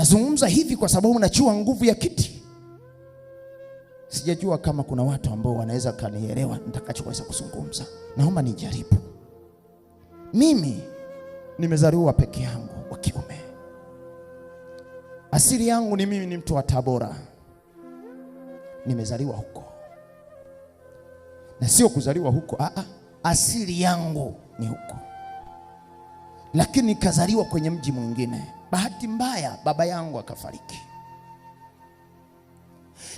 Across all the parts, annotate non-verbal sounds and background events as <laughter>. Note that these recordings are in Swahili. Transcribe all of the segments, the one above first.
Nazungumza hivi kwa sababu nachua nguvu ya kiti. Sijajua kama kuna watu ambao wanaweza kanielewa nitakachoweza kuzungumza. Naomba nijaribu. Mimi nimezaliwa peke yangu wa kiume. Asili yangu ni mimi ni mtu wa Tabora, nimezaliwa huko na sio kuzaliwa huko. -a. Ah, ah, asili yangu ni huko, lakini nikazaliwa kwenye mji mwingine Bahati mbaya baba yangu akafariki,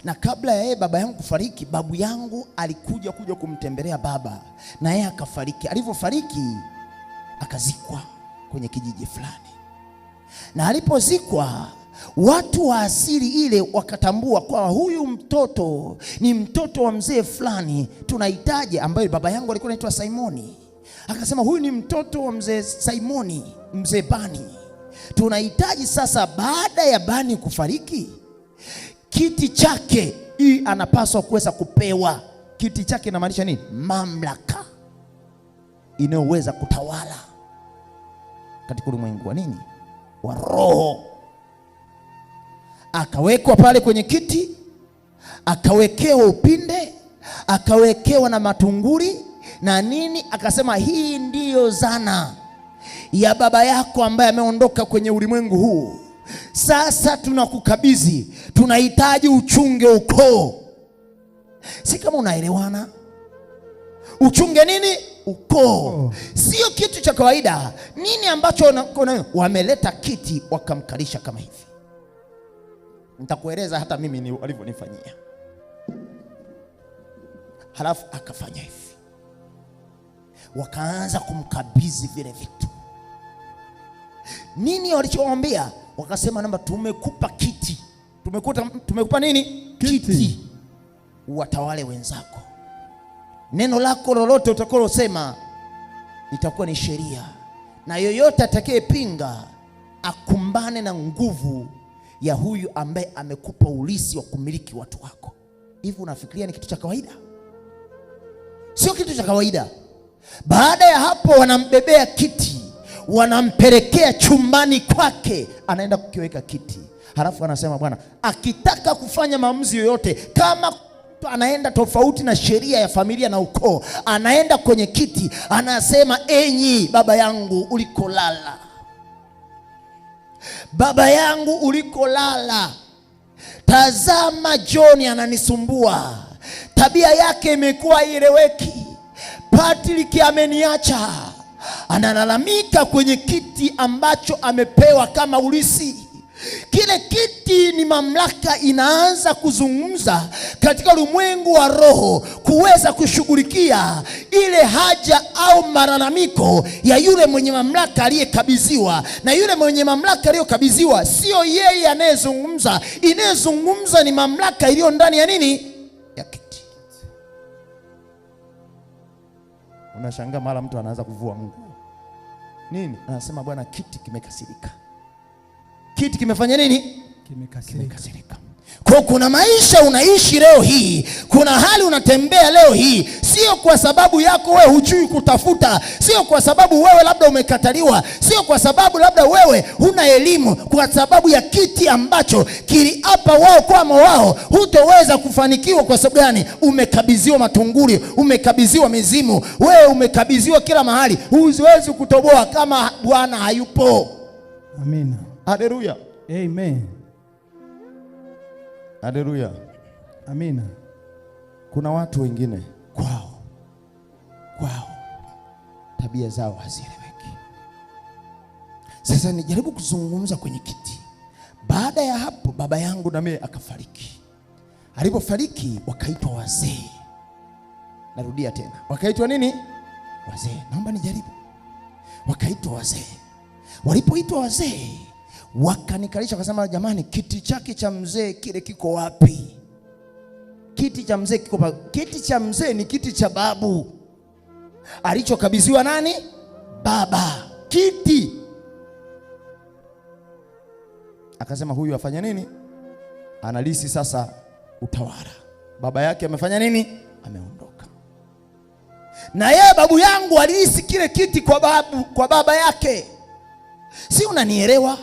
na kabla ya yeye baba yangu kufariki, babu yangu alikuja kuja kumtembelea baba, na yeye akafariki. Alivyofariki akazikwa kwenye kijiji fulani, na alipozikwa watu wa asili ile wakatambua kwa huyu mtoto ni mtoto wa mzee fulani tunahitaji, ambaye baba yangu alikuwa anaitwa Simoni. Akasema huyu ni mtoto wa mzee Simoni, mzee Bani tunahitaji sasa, baada ya Bani kufariki, kiti chake hii anapaswa kuweza kupewa. Kiti chake inamaanisha nini? Mamlaka inayoweza kutawala katika ulimwengu wa nini, wa roho. Akawekwa pale kwenye kiti, akawekewa upinde, akawekewa na matunguri na nini, akasema hii ndiyo zana ya baba yako ambaye ameondoka kwenye ulimwengu huu. Sasa tunakukabidhi, tunahitaji uchunge ukoo. Si kama unaelewana? Uchunge nini? Ukoo sio kitu cha kawaida. Nini ambacho una, una, wameleta kiti wakamkalisha kama hivi. Nitakueleza hata mimi walivyonifanyia, halafu akafanya hivi, wakaanza kumkabidhi vile vitu nini walichowaambia? Wakasema namba, tumekupa kiti, tumekuta, tumekupa nini kiti, kiti. Watawale wenzako, neno lako lolote utakalosema itakuwa ni sheria, na yoyote atakayepinga akumbane na nguvu ya huyu ambaye amekupa ulisi wa kumiliki watu wako. Hivi unafikiria ni kitu cha kawaida? Sio kitu cha kawaida. Baada ya hapo, wanambebea kiti wanampelekea chumbani kwake, anaenda kukiweka kiti, halafu anasema bwana, akitaka kufanya maamuzi yoyote, kama anaenda tofauti na sheria ya familia na ukoo, anaenda kwenye kiti, anasema enyi baba yangu ulikolala, baba yangu ulikolala, tazama Joni ananisumbua, tabia yake imekuwa ileweki, Patrick ameniacha analalamika kwenye kiti ambacho amepewa kama ulisi. Kile kiti ni mamlaka inaanza kuzungumza katika ulimwengu wa roho, kuweza kushughulikia ile haja au malalamiko ya yule mwenye mamlaka aliyekabidhiwa. Na yule mwenye mamlaka aliyokabidhiwa sio yeye anayezungumza, inayezungumza ni mamlaka iliyo ndani ya nini, ya kiti. Unashangaa mara mtu anaanza kuvua nguo nini? Anasema Bwana, kiti kimekasirika. Kiti kimefanya nini? Kimekasirika. Kimekasirika. Kwa kuna maisha unaishi leo hii, kuna hali unatembea leo hii, sio kwa sababu yako wewe hujui kutafuta, sio kwa sababu wewe labda umekataliwa, sio kwa sababu labda wewe huna elimu, kwa sababu ya kiti ambacho kiliapa wao kwama wao hutoweza kufanikiwa. Kwa sababu gani? Umekabidhiwa matunguli, umekabidhiwa mizimu, wewe umekabidhiwa kila mahali, huwezi kutoboa kama Bwana hayupo. Amina, haleluya, amen. Haleluya, amina. Kuna watu wengine kwao kwao tabia zao hazieleweki. Sasa nijaribu kuzungumza kwenye kiti. Baada ya hapo, baba yangu na mimi akafariki. Alipofariki wakaitwa wazee. Narudia tena, wakaitwa nini? Wazee. Naomba nijaribu, wakaitwa wazee. Walipoitwa wazee Wakanikalisha wakasema, jamani, kiti chake cha mzee kile kiko wapi? Kiti cha mzee kiko wapi? Kiti cha mzee ni kiti cha babu alichokabidhiwa nani? Baba kiti. Akasema huyu afanya nini? Analisi sasa utawala. Baba yake amefanya nini? Ameondoka na yeye. Babu yangu alilisi kile kiti kwa babu, kwa baba yake, si unanielewa?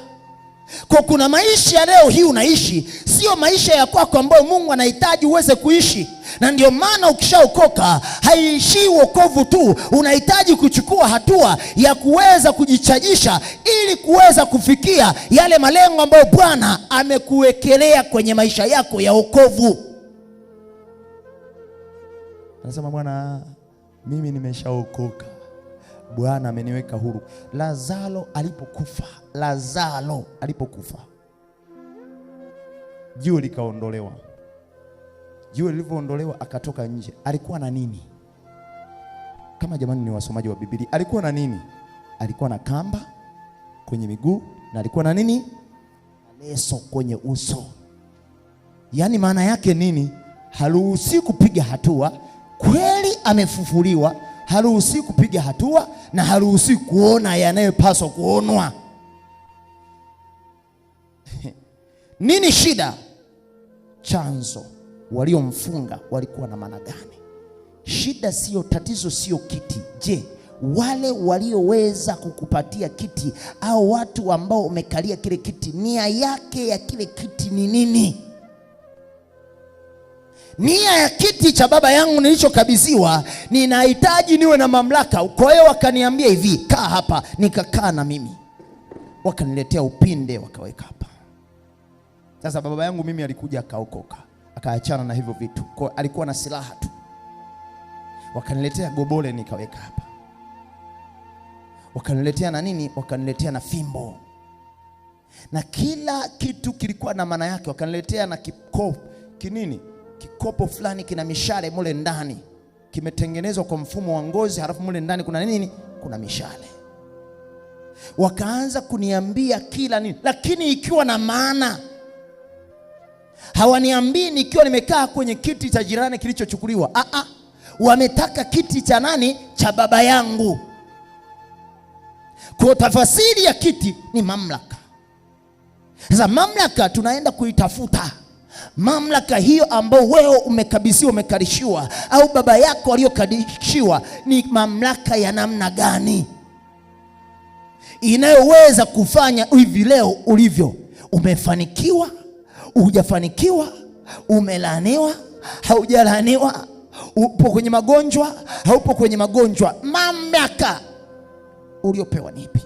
Kwa kuna maisha ya leo hii unaishi sio maisha ya kwako ambayo Mungu anahitaji uweze kuishi, na ndio maana ukishaokoka haiishii wokovu tu, unahitaji kuchukua hatua ya kuweza kujichajisha ili kuweza kufikia yale malengo ambayo Bwana amekuwekelea kwenye maisha yako ya wokovu. Anasema Bwana, mimi nimeshaokoka Bwana ameniweka huru. Lazaro alipokufa, Lazaro alipokufa, jiwe likaondolewa. Jiwe lilivyoondolewa akatoka nje, alikuwa na nini? Kama jamani ni wasomaji wa Biblia, alikuwa na nini? Alikuwa na kamba kwenye miguu na alikuwa na nini? Leso kwenye uso. Yaani maana yake nini? Haruhusi kupiga hatua. Kweli amefufuliwa haruhusi kupiga hatua na haruhusi kuona yanayopaswa kuonwa. <laughs> Nini shida? Chanzo, waliomfunga walikuwa na maana gani? Shida siyo tatizo, sio kiti. Je, wale walioweza kukupatia kiti au watu ambao umekalia kile kiti, nia yake ya kile kiti ni nini? nia ya kiti cha baba yangu nilichokabidhiwa, ninahitaji niwe na mamlaka. Kwa hiyo wakaniambia hivi, kaa hapa. Nikakaa na mimi, wakaniletea upinde wakaweka hapa. Sasa baba yangu mimi alikuja akaokoka, akaachana na hivyo vitu, kwa alikuwa na silaha tu. Wakaniletea gobole nikaweka hapa, wakaniletea na nini, wakaniletea na fimbo na kila kitu kilikuwa na maana yake, wakaniletea na kikopo kinini kikopo fulani kina mishale mule ndani, kimetengenezwa kwa mfumo wa ngozi, halafu mule ndani kuna nini? Kuna mishale. Wakaanza kuniambia kila nini, lakini ikiwa na maana. Hawaniambii nikiwa nimekaa kwenye kiti cha jirani kilichochukuliwa. Ah ah, wametaka kiti cha nani? Cha baba yangu. Kwa tafasiri ya kiti ni mamlaka. Sasa mamlaka tunaenda kuitafuta Mamlaka hiyo ambayo wewe umekabidhiwa, umekarishiwa au baba yako aliyokalishiwa, ni mamlaka ya namna gani inayoweza kufanya hivi leo ulivyo? Umefanikiwa, hujafanikiwa, umelaniwa haujalaniwa upo kwenye magonjwa, haupo kwenye magonjwa, mamlaka uliopewa ni ipi?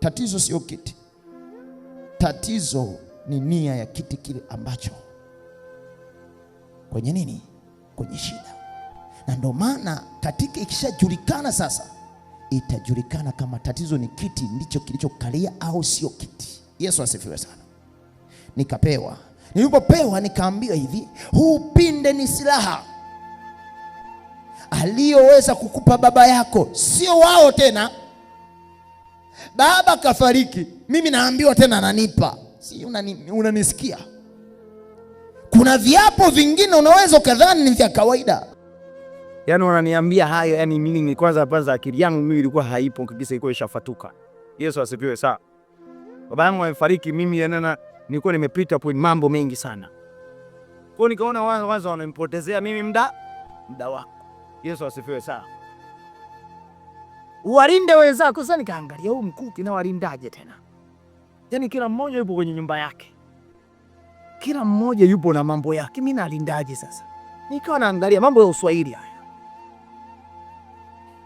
Tatizo sio kiti, tatizo ni nia ya kiti kile ambacho kwenye nini, kwenye shida. Na ndio maana katika ikishajulikana sasa, itajulikana kama tatizo ni kiti ndicho kilichokalia au sio kiti. Yesu asifiwe sana. Nikapewa, nilipopewa nikaambiwa hivi, huu pinde ni silaha aliyoweza kukupa baba yako, sio wao tena. Baba kafariki, mimi naambiwa tena ananipa si unanisikia? Una kuna viapo vingine unaweza kadhani ni vya kawaida, yaani unaniambia hayo, yani mimi ni kwanza kwanza akili yangu mimi ilikuwa haipo kabisa, ilikuwa ishafatuka. Yesu asifiwe. sana. Baba yangu amefariki, mimi yanana nilikuwa nimepita kwa mambo mengi sana, kwa nikaona wazo wanampotezea mimi muda muda wako. Yesu asifiwe sana. Walinde wenzako. Sasa nikaangalia huu mkuki na walindaje tena Yaani kila mmoja yupo kwenye nyumba yake, kila mmoja yupo na mambo yake. Mimi nalindaje sasa? Nikawa naangalia mambo ya uswahili haya,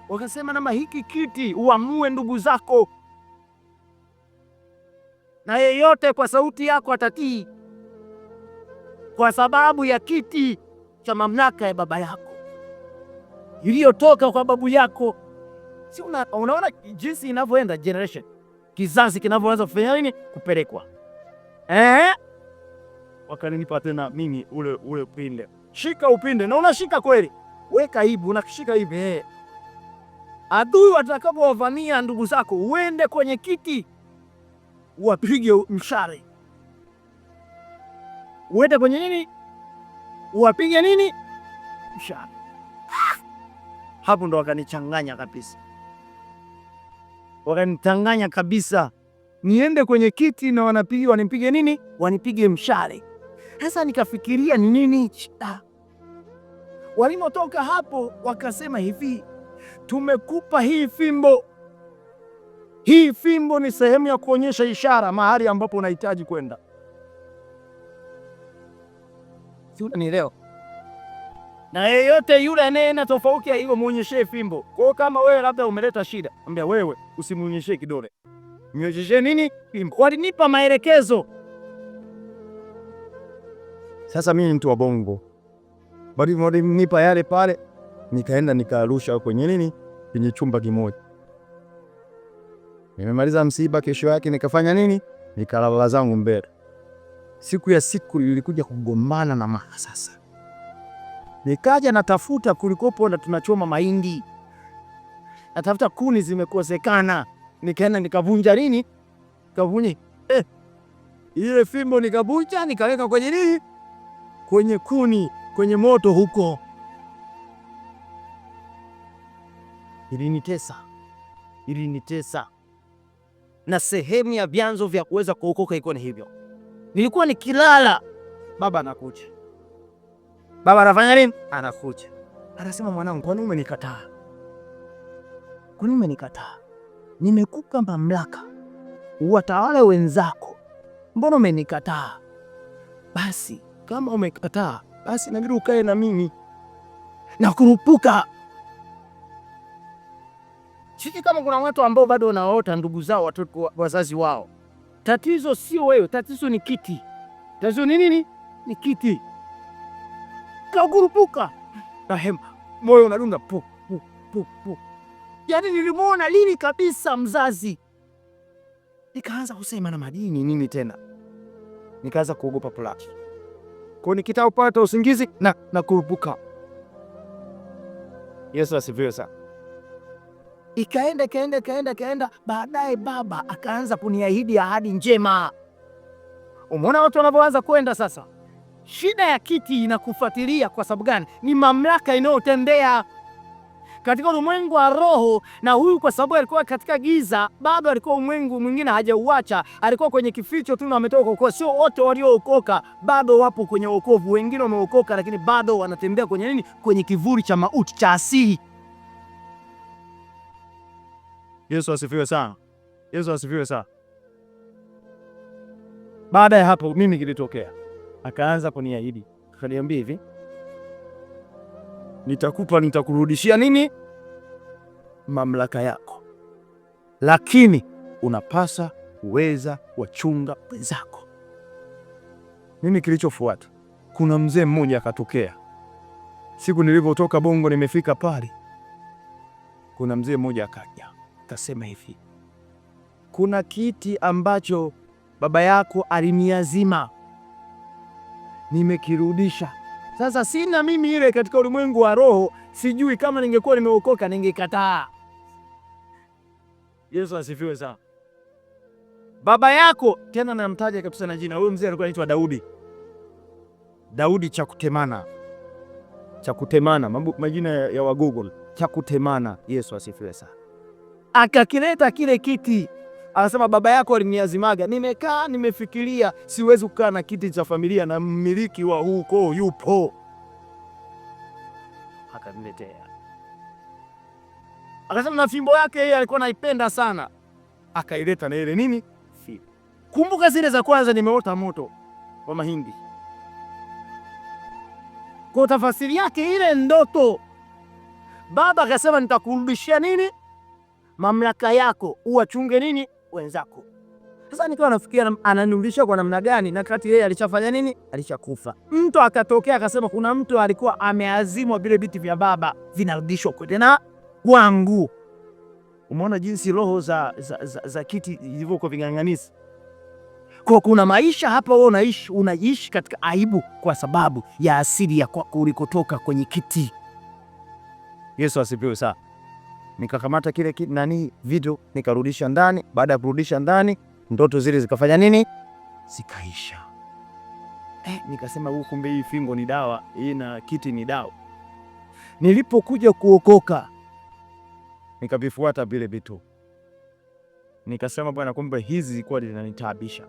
wakasema nama hiki kiti uamue ndugu zako, na yeyote kwa sauti yako atatii kwa sababu ya kiti cha mamlaka ya baba yako iliyotoka kwa babu yako. Si una, unaona jinsi inavyoenda generation kizazi kinavyoanza kufanya nini, kupelekwa eh? Wakaninipa tena mimi ule ule upinde, shika upinde, na unashika kweli, weka hivi, unashika hivi eh. Adui watakapowavamia ndugu zako, uende kwenye kiti uwapige mshale, uende kwenye nini, uwapige nini mshale. Hapo ndo wakanichanganya kabisa wakanitanganya kabisa, niende kwenye kiti na wanapiga wanipige nini, wanipige mshale. Sasa nikafikiria ni nini shida. Walimotoka hapo wakasema hivi, tumekupa hii fimbo. Hii fimbo ni sehemu ya kuonyesha ishara mahali ambapo unahitaji kwenda. Si unanielewa? na yeyote yule anayena tofauti ya hilo muonyeshe fimbo. Kwa hiyo kama wewe labda umeleta shida, ambia wewe usimuonyeshe kidole, nionyeshe nini? Fimbo. Walinipa maelekezo. Sasa mimi mtu wa bongo, bali walinipa yale pale, nikaenda nikarusha kwenye nini, kwenye chumba kimoja. Nimemaliza msiba, kesho yake nikafanya nini, nikalala zangu mbele. Siku ya siku ilikuja kugombana na mama sasa nikaja natafuta kulikopo na tunachoma mahindi, natafuta kuni zimekosekana, nikaenda nikavunja nini, kavunja eh, ile fimbo nikavunja, nikaweka kwenye nini, kwenye kuni, kwenye moto huko. Ilinitesa, ilinitesa na sehemu ya vyanzo vya kuweza kuokoka iko ni hivyo. Nilikuwa nikilala, baba anakuja Baba anafanya nini? Anakuja anasema, mwanangu, kwa nini umenikataa? Kwa nini umenikataa? Nimekupa mamlaka uwatawale wenzako, mbona umenikataa? Basi kama umekataa, basi inabidi ukae na mimi na kurupuka. Sisi kama kuna watu ambao bado wanaota ndugu zao watoto wazazi wao, tatizo sio wewe, tatizo ni kiti. Tatizo ni nini? Ni kiti kagurupuka Rahema, moyo unadunda po po po po. Yani nilimwona lini kabisa mzazi, nikaanza kusema na madini nini tena, nikaanza kuogopa plaki kwa nikita upata usingizi na na Yesu asifiwe sana. Ikaenda ikaenda ikaenda ikaenda, baadaye baba akaanza kuniahidi ahadi njema. Umeona watu wanavyoanza kwenda sasa Shida ya kiti inakufuatilia kwa sababu gani? Ni mamlaka inayotendea katika ulimwengu wa roho. Na huyu kwa sababu alikuwa katika giza, bado alikuwa ulimwengu mwingine hajauacha, alikuwa kwenye kificho tu na ametoka kwa. Sio wote waliookoka bado wapo kwenye wokovu, wengine wameokoka, lakini bado wanatembea kwenye nini? Kwenye kivuli cha mauti cha asili. Yesu asifiwe sana. Yesu asifiwe sana. Baada ya hapo, mimi kilitokea akaanza kuniahidi, akaniambia hivi, nitakupa nitakurudishia nini mamlaka yako, lakini unapasa kuweza wachunga wenzako. Mimi kilichofuata, kuna mzee mmoja akatokea. Siku nilivyotoka Bongo nimefika pale, kuna mzee mmoja akaja akasema hivi, kuna kiti ambacho baba yako aliniazima nimekirudisha. Sasa sina mimi ile katika ulimwengu wa roho, sijui kama ningekuwa nimeokoka ningekataa. Yesu asifiwe sana. Baba yako tena namtaja kabisa na jina, huyo mzee alikuwa anaitwa Daudi. Daudi cha kutemana, cha kutemana, majina ya wa Google cha kutemana. Yesu asifiwe sana. Akakileta kile kiti Anasema baba yako aliniazimaga, nimekaa nimefikiria, siwezi kukaa na kiti cha familia na mmiliki wa huko yupo, akaniletea. Akasema na fimbo yake yeye alikuwa naipenda sana, akaileta na ile nini fimbo. Kumbuka zile za kwanza, nimeota moto wa mahindi kwa tafasiri yake ile ndoto. Baba akasema nitakurudishia nini mamlaka yako, uwachunge nini wenzako. Sasa nikiwa nafikiria ananiulisha kwa namna gani, na kati yeye alishafanya nini? Alishakufa. Mtu akatokea akasema kuna mtu alikuwa ameazimwa vile vitu vya baba vinarudishwa kwa tena kwangu. Umeona jinsi roho za, za, za, za kiti zilivyokuwa ving'ang'anisi. Kwa kuna maisha hapa wewe unaishi unaishi katika aibu kwa sababu ya asili ya kwako ulikotoka kwenye kiti. Yesu asifiwe sana nikakamata kile nani vitu nikarudisha ndani. Baada ya kurudisha ndani, ndoto zile zikafanya nini, zikaisha. Eh, nikasema huyu, kumbe hii fimbo ni dawa, hii na kiti ni dawa. Nilipokuja kuokoka, nikavifuata vile vitu, nikasema bwana, kumbe hizi zilikuwa zinanitaabisha.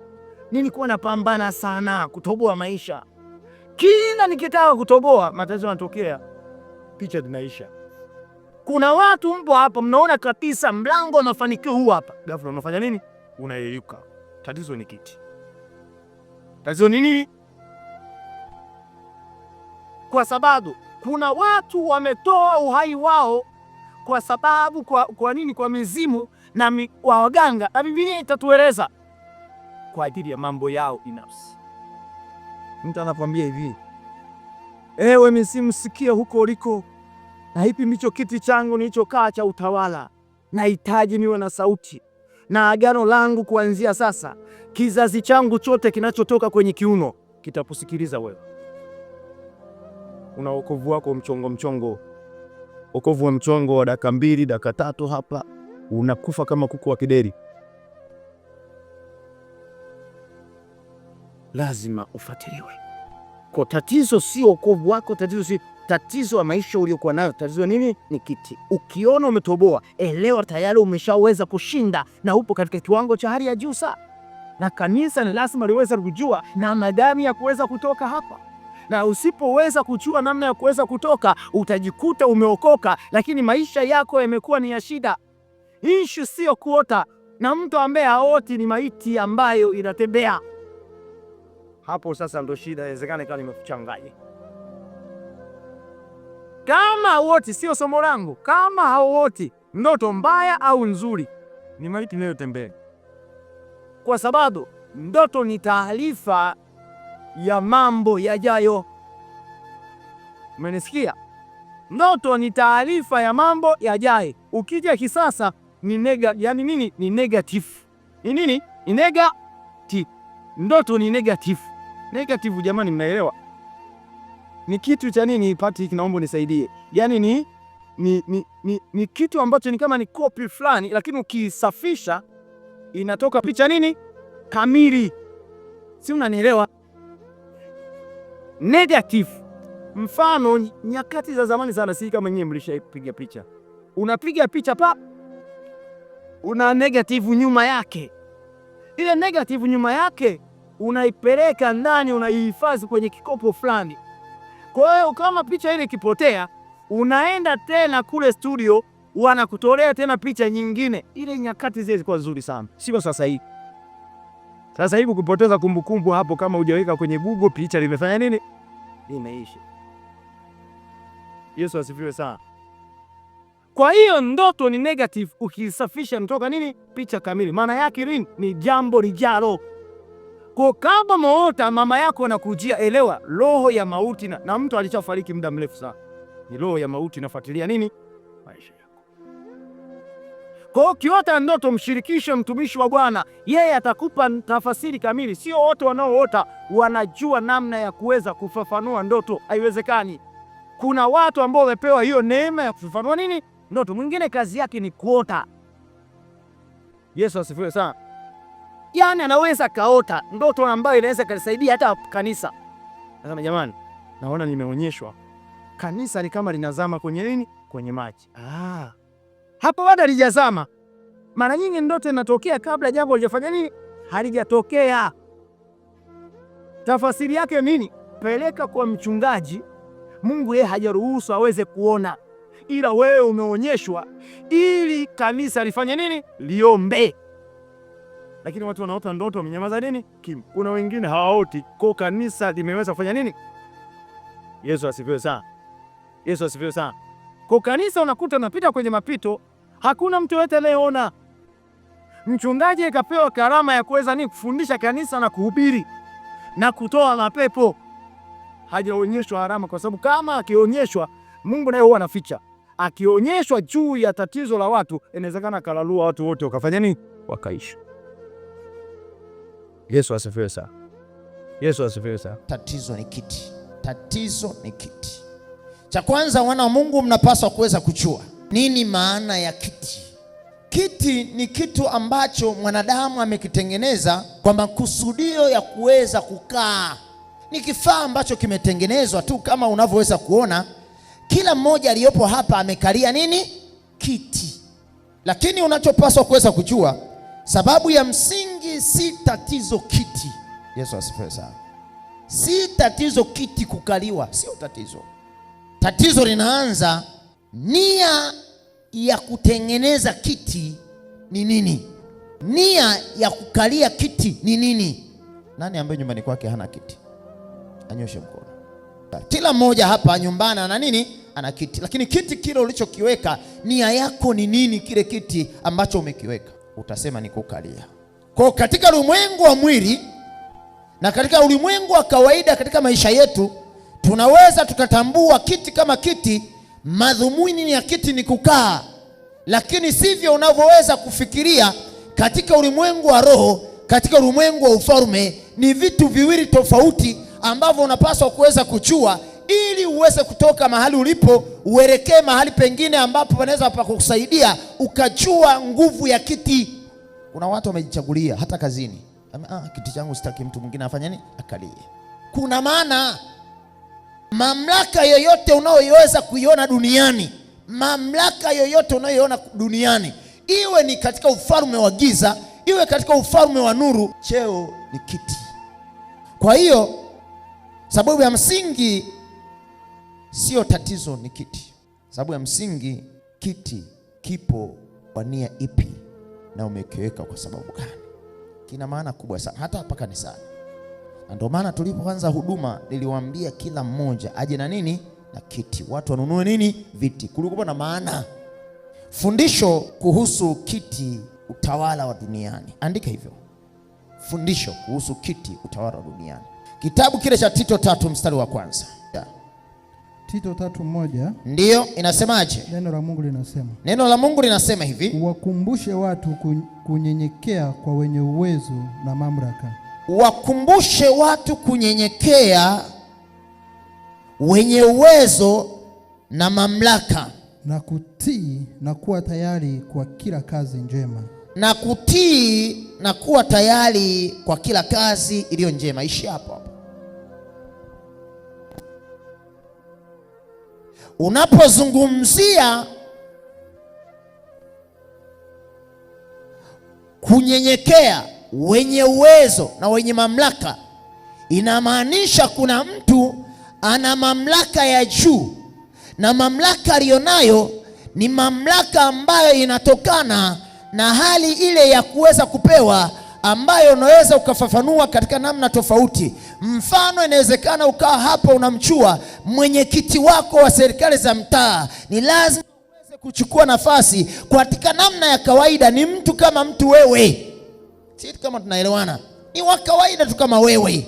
Nilikuwa napambana sana kutoboa maisha, kila nikitaka kutoboa matatizo yanatokea, picha zinaisha. Kuna watu mpo hapa mnaona kabisa mlango wa mafanikio huu hapa. Ghafla unafanya nini? Unayeyuka. Tatizo ni kiti. Tatizo ni nini? Kwa sababu kuna watu wametoa uhai wao kwa sababu kwa, kwa nini? Kwa mizimu na mi, wa waganga na Biblia itatueleza kwa ajili ya mambo yao binafsi. Mtu anakwambia hivi, ewe mizimu, sikia huko uliko na hipimi micho kiti changu nilichokaa cha utawala. Nahitaji niwe na sauti na agano langu kuanzia sasa, kizazi changu chote kinachotoka kwenye kiuno kitakusikiliza wewe. Una wokovu wako mchongo mchongo, wokovu wa mchongo wa dakika mbili, dakika tatu, hapa unakufa kama kuku wa kideri. Lazima ufuatiliwe wako, tatizo sio wokovu wako, tatizo sio tatizo ya maisha uliokuwa nayo. Tatizo nini? Ni kiti. Ukiona umetoboa, elewa tayari umeshaweza kushinda na upo katika kiwango cha hali ya juu sana, na kanisa ni lazima liweze kujua namna gani ya kuweza kutoka hapa, na usipoweza kujua namna ya kuweza kutoka utajikuta umeokoka, lakini maisha yako yamekuwa ni ya shida. Ishu sio kuota, na mtu ambaye haoti ni maiti ambayo inatembea. Hapo sasa ndo shida, inawezekana ikawa nimekuchanganya. Kama wote sio somo langu, kama hao wote ndoto mbaya au nzuri, ni maiti inayotembea, kwa sababu ndoto ni taarifa ya mambo yajayo. Umenisikia? Ndoto ni taarifa ya mambo yajayo Ukija kisasa ni nega, yani nini? Ni negative. Ni nini? Ni negative. Ndoto ni negative. Negative jamani, mnaelewa? Ni kitu cha nini? Patrick, naomba nisaidie. yani ni ni, ni, ni ni kitu ambacho ni kama ni copy fulani, lakini ukisafisha inatoka picha nini kamili, si unanielewa? Negative mfano nyakati za zamani sana, si kama nyinyi mlishapiga picha, unapiga picha pa una negative nyuma yake, ile negative nyuma yake unaipeleka ndani, unaihifadhi kwenye kikopo fulani. Kwa hiyo kama picha ile ikipotea, unaenda tena kule studio, wanakutolea tena picha nyingine. Ile nyakati zile zilikuwa nzuri sana, sio sasa hivi. Sasa hivi kupoteza kumbukumbu hapo, kama hujaweka kwenye Google picha limefanya nini, limeisha. Yesu asifiwe sana. Kwa hiyo ndoto ni negative, ukisafisha nitoka nini picha kamili, maana yake nini? Ni jambo lijalo kwa kama maota mama yako anakujia, elewa roho ya mauti na, na mtu alishafariki muda mrefu sana, ni roho ya mauti inafuatilia nini maisha yako. Kwa kiota ndoto, mshirikishe mtumishi wa Bwana, yeye atakupa tafasiri kamili. Sio wote wanaoota wanajua namna ya kuweza kufafanua ndoto, haiwezekani. Kuna watu ambao wamepewa hiyo neema ya kufafanua nini ndoto, mwingine kazi yake ni kuota. Yesu asifiwe sana yani anaweza kaota ndoto ambayo inaweza kalisaidia hata kanisa. Nasema jamani, naona nimeonyeshwa kanisa ni kama linazama kwenye nini, kwenye maji. Ah, hapo bado lijazama. Mara nyingi ndoto inatokea kabla jambo lijafanya nini, halijatokea. Tafasiri yake nini? Peleka kwa mchungaji. Mungu yeye hajaruhusu aweze kuona, ila wewe umeonyeshwa ili kanisa lifanye nini, liombe lakini watu wanaota ndoto wamenyamaza nini kim. Kuna wengine hawaoti, kwa kanisa limeweza kufanya nini? Yesu asifiwe sana, Yesu asifiwe sana. Kwa kanisa unakuta unapita kwenye mapito, hakuna mtu yote anayeona. Mchungaji akapewa karama ya kuweza nini kufundisha kanisa na kuhubiri na kutoa mapepo, hajaonyeshwa harama, kwa sababu kama akionyeshwa, Mungu naye huwa anaficha akionyeshwa juu ya tatizo la watu, inawezekana akalalua watu wote wakafanya nini, wakaisha. Yesu asifiwe sana. Yesu asifiwe sana. Tatizo ni kiti, tatizo ni kiti. Cha kwanza, wana wa Mungu, mnapaswa kuweza kujua nini maana ya kiti. Kiti ni kitu ambacho mwanadamu amekitengeneza kwa makusudio ya kuweza kukaa. Ni kifaa ambacho kimetengenezwa tu, kama unavyoweza kuona, kila mmoja aliyopo hapa amekalia nini? Kiti. Lakini unachopaswa kuweza kujua, sababu ya msingi Yaani si tatizo kiti. Yesu asifiwe sana. Si tatizo kiti kukaliwa, sio tatizo. Tatizo linaanza nia ya kutengeneza kiti ni nini? Nia ya kukalia kiti ni nini? Nani ambaye nyumbani kwake hana kiti anyoshe mkono. Kila mmoja hapa nyumbani ana nini? Ana kiti. Lakini kiti kile ulichokiweka, nia yako ni nini? Kile kiti ambacho umekiweka, utasema ni kukalia. Kwa katika ulimwengu wa mwili na katika ulimwengu wa kawaida, katika maisha yetu tunaweza tukatambua kiti kama kiti. Madhumuni ya kiti ni kukaa, lakini sivyo unavyoweza kufikiria. Katika ulimwengu wa roho, katika ulimwengu wa ufalme, ni vitu viwili tofauti ambavyo unapaswa kuweza kuchua ili uweze kutoka mahali ulipo uelekee mahali pengine ambapo panaweza pakakusaidia ukachua nguvu ya kiti. Kuna watu wamejichagulia hata kazini, ah, kiti changu sitaki mtu mwingine afanye nini, akalie. Kuna maana mamlaka yoyote unayoiweza kuiona duniani, mamlaka yoyote unayoiona duniani, iwe ni katika ufalme wa giza, iwe katika ufalme wa nuru, cheo ni kiti. Kwa hiyo sababu ya msingi sio tatizo, ni kiti. Sababu ya msingi kiti kipo kwa nia ipi? na umekiweka kwa sababu gani? Kina maana kubwa sana hata hapa kanisani. Na ndio maana tulipoanza huduma niliwaambia kila mmoja aje na nini na kiti, watu wanunue nini viti, kulikuwa na maana. Fundisho kuhusu kiti, utawala wa duniani. Andika hivyo, fundisho kuhusu kiti, utawala wa duniani, kitabu kile cha Tito tatu mstari wa kwanza. Tito tatu moja ndiyo inasemaje? Neno la Mungu linasema, neno la Mungu linasema hivi, wakumbushe watu kunyenyekea kwa wenye uwezo na mamlaka. Wakumbushe watu kunyenyekea wenye uwezo na mamlaka, na kutii na kuwa tayari kwa kila kazi njema, na kutii na kuwa tayari kwa kila kazi iliyo njema. Ishi hapo hapo. Unapozungumzia kunyenyekea, wenye uwezo na wenye mamlaka, inamaanisha kuna mtu ana mamlaka ya juu, na mamlaka aliyonayo ni mamlaka ambayo inatokana na hali ile ya kuweza kupewa ambayo unaweza ukafafanua katika namna tofauti. Mfano, inawezekana ukawa hapa unamchua mwenyekiti wako wa serikali za mtaa, ni lazima uweze kuchukua nafasi katika namna ya kawaida. Ni mtu kama mtu wewe, si kama tunaelewana, ni wa kawaida tu kama wewe,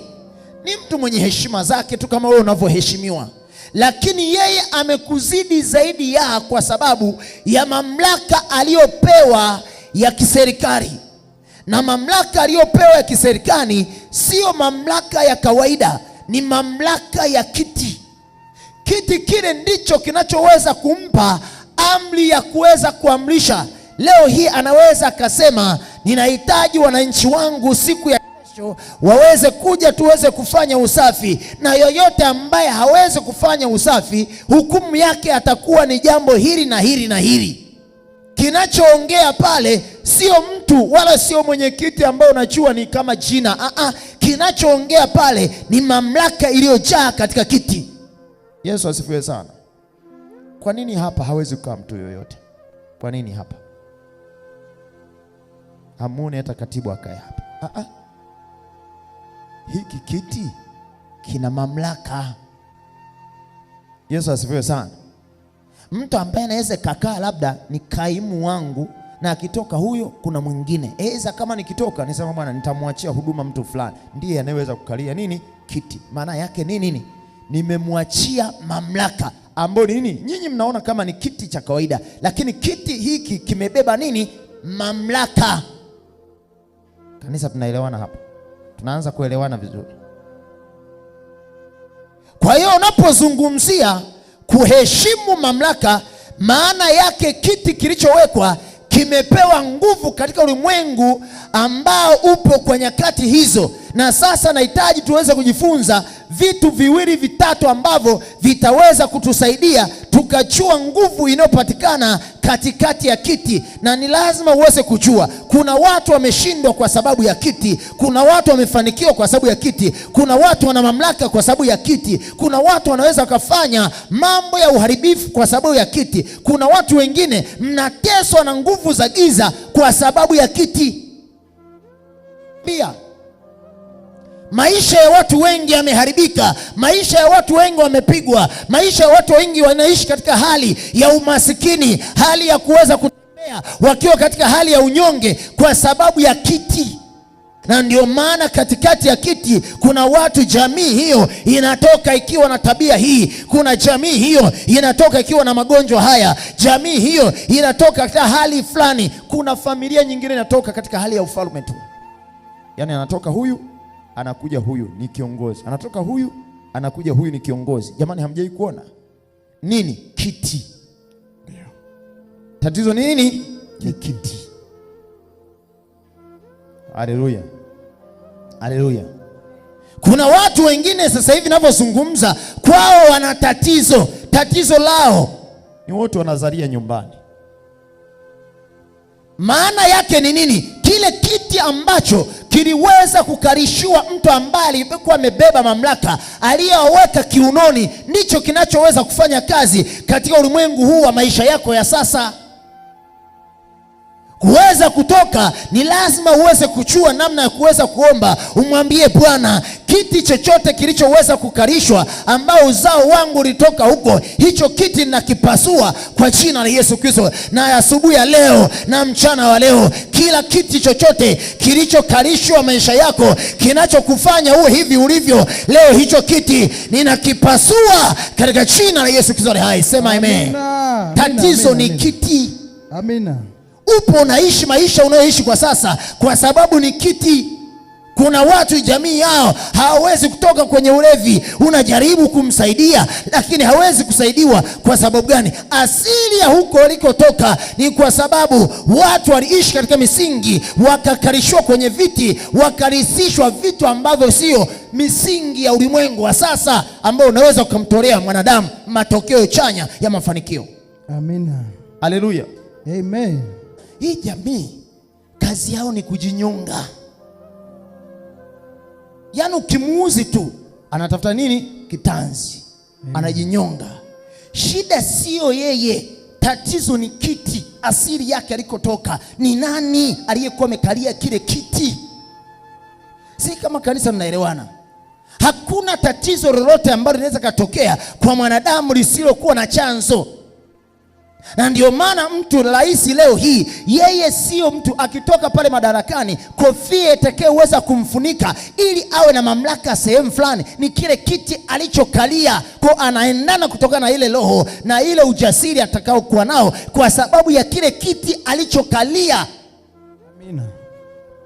ni mtu mwenye heshima zake tu kama wewe unavyoheshimiwa lakini yeye amekuzidi zaidi ya kwa sababu ya mamlaka aliyopewa ya kiserikali na mamlaka aliyopewa ya kiserikali siyo mamlaka ya kawaida, ni mamlaka ya kiti. Kiti kile ndicho kinachoweza kumpa amri ya kuweza kuamrisha. Leo hii anaweza akasema ninahitaji wananchi wangu siku ya kesho waweze kuja tuweze kufanya usafi, na yoyote ambaye hawezi kufanya usafi, hukumu yake atakuwa ni jambo hili na hili na hili. Kinachoongea pale sio mtu wala sio mwenyekiti ambao unachua ni kama jina. Aa, ah, ah, kinachoongea pale ni mamlaka iliyojaa katika kiti. Yesu asifiwe sana. Kwa nini hapa hawezi kukaa mtu yoyote? Kwa nini hapa amune hata katibu akae hapa? Aa, ah, hiki kiti kina mamlaka. Yesu asifiwe sana. Mtu ambaye anaweza kakaa labda ni kaimu wangu na akitoka huyo kuna mwingine. Eh, Eza kama nikitoka nisema bwana, nitamwachia huduma mtu fulani, ndiye anayeweza kukalia nini kiti. Maana yake ni nini? Nimemwachia mamlaka ambayo nini, nyinyi mnaona kama ni kiti cha kawaida, lakini kiti hiki kimebeba nini? Mamlaka. Kanisa, tunaelewana hapa? Tunaanza kuelewana vizuri. Kwa hiyo unapozungumzia kuheshimu mamlaka, maana yake kiti kilichowekwa kimepewa nguvu katika ulimwengu ambao upo kwa nyakati hizo na sasa nahitaji tuweze kujifunza vitu viwili vitatu ambavyo vitaweza kutusaidia tukachua nguvu inayopatikana katikati ya kiti, na ni lazima uweze kujua, kuna watu wameshindwa kwa sababu ya kiti, kuna watu wamefanikiwa kwa sababu ya kiti, kuna watu wana mamlaka kwa sababu ya kiti, kuna watu wanaweza wakafanya mambo ya uharibifu kwa sababu ya kiti, kuna watu wengine mnateswa na nguvu za giza kwa sababu ya kiti pia Maisha ya watu wengi yameharibika, maisha ya watu wengi wamepigwa, maisha ya watu wengi wanaishi katika hali ya umasikini, hali ya kuweza kutembea wakiwa katika hali ya unyonge kwa sababu ya kiti na ndio maana katikati ya kiti kuna watu, jamii hiyo inatoka ikiwa na tabia hii, kuna jamii hiyo inatoka ikiwa na magonjwa haya, jamii hiyo inatoka katika hali fulani, kuna familia nyingine inatoka katika hali ya ufalme tu, yaani anatoka huyu anakuja huyu ni kiongozi, anatoka huyu anakuja huyu ni kiongozi. Jamani, hamjai kuona nini? Kiti. Tatizo ni nini? Ni kiti. Haleluya, haleluya. Kuna watu wengine sasa hivi ninavyozungumza, kwao wana tatizo. Tatizo lao ni wote wanazalia nyumbani maana yake ni nini? Kile kiti ambacho kiliweza kukarishiwa mtu ambaye alikuwa amebeba mamlaka aliyoweka kiunoni, ndicho kinachoweza kufanya kazi katika ulimwengu huu wa maisha yako ya sasa. Kuweza kutoka ni lazima uweze kuchua namna ya kuweza kuomba, umwambie Bwana, kiti chochote kilichoweza kukalishwa ambao uzao wangu ulitoka huko, hicho kiti nakipasua kwa jina la Yesu Kristo. Na asubuhi ya leo na mchana wa leo, kila kiti chochote kilichokalishwa maisha yako kinachokufanya uwe hivi ulivyo leo, hicho kiti ninakipasua katika jina la Yesu Kristo hai. Sema amen. Tatizo ni kiti. Amina upo unaishi maisha unayoishi kwa sasa kwa sababu ni kiti. Kuna watu jamii yao hawawezi kutoka kwenye ulevi, unajaribu kumsaidia lakini hawezi kusaidiwa. Kwa sababu gani? Asili ya huko walikotoka ni kwa sababu watu waliishi katika misingi, wakakarishwa kwenye viti, wakarisishwa vitu ambavyo sio misingi ya ulimwengu wa sasa, ambao unaweza ukamtolea mwanadamu matokeo chanya ya mafanikio. Amina, haleluya, amen. Hii jamii kazi yao ni kujinyonga, yaani ukimuuzi tu anatafuta nini? Kitanzi, anajinyonga. Shida siyo yeye, tatizo ni kiti, asili yake alikotoka. Ni nani aliyekuwa amekalia kile kiti? Si kama kanisa, mnaelewana? Hakuna tatizo lolote ambalo linaweza katokea kwa mwanadamu lisilokuwa na chanzo na ndio maana mtu rais leo hii, yeye sio mtu akitoka pale madarakani, kofia itakayoweza kumfunika ili awe na mamlaka sehemu fulani ni kile kiti alichokalia, kwa anaendana kutokana na ile roho na ile ujasiri atakaokuwa nao kwa sababu ya kile kiti alichokalia. Amina,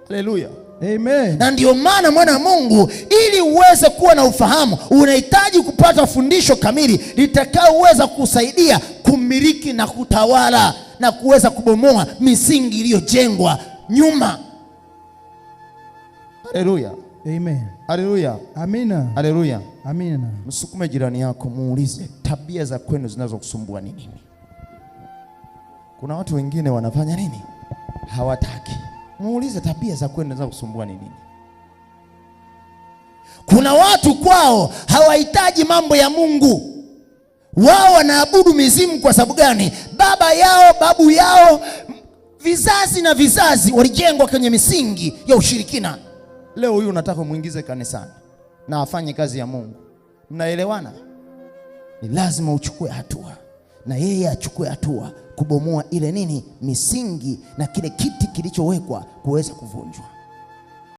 haleluya. Amen. Na ndiyo maana mwana Mungu, ili uweze kuwa na ufahamu, unahitaji kupata fundisho kamili litakaoweza kusaidia kumiliki na kutawala na kuweza kubomoa misingi iliyojengwa nyuma. Haleluya. Amen. Haleluya. Amina. Haleluya. Amina. Msukume jirani yako, muulize tabia za kwenu zinazokusumbua ni nini? Kuna watu wengine wanafanya nini? Hawataki. Muulize tabia za kwenu zinazokusumbua ni nini? Kuna watu kwao hawahitaji mambo ya Mungu. Wao wanaabudu mizimu kwa sababu gani? Baba yao, babu yao, vizazi na vizazi walijengwa kwenye misingi ya ushirikina. Leo huyu unataka umwingize kanisani na afanye kazi ya Mungu, mnaelewana? Ni lazima uchukue hatua na yeye achukue hatua kubomoa ile nini, misingi na kile kiti kilichowekwa kuweza kuvunjwa.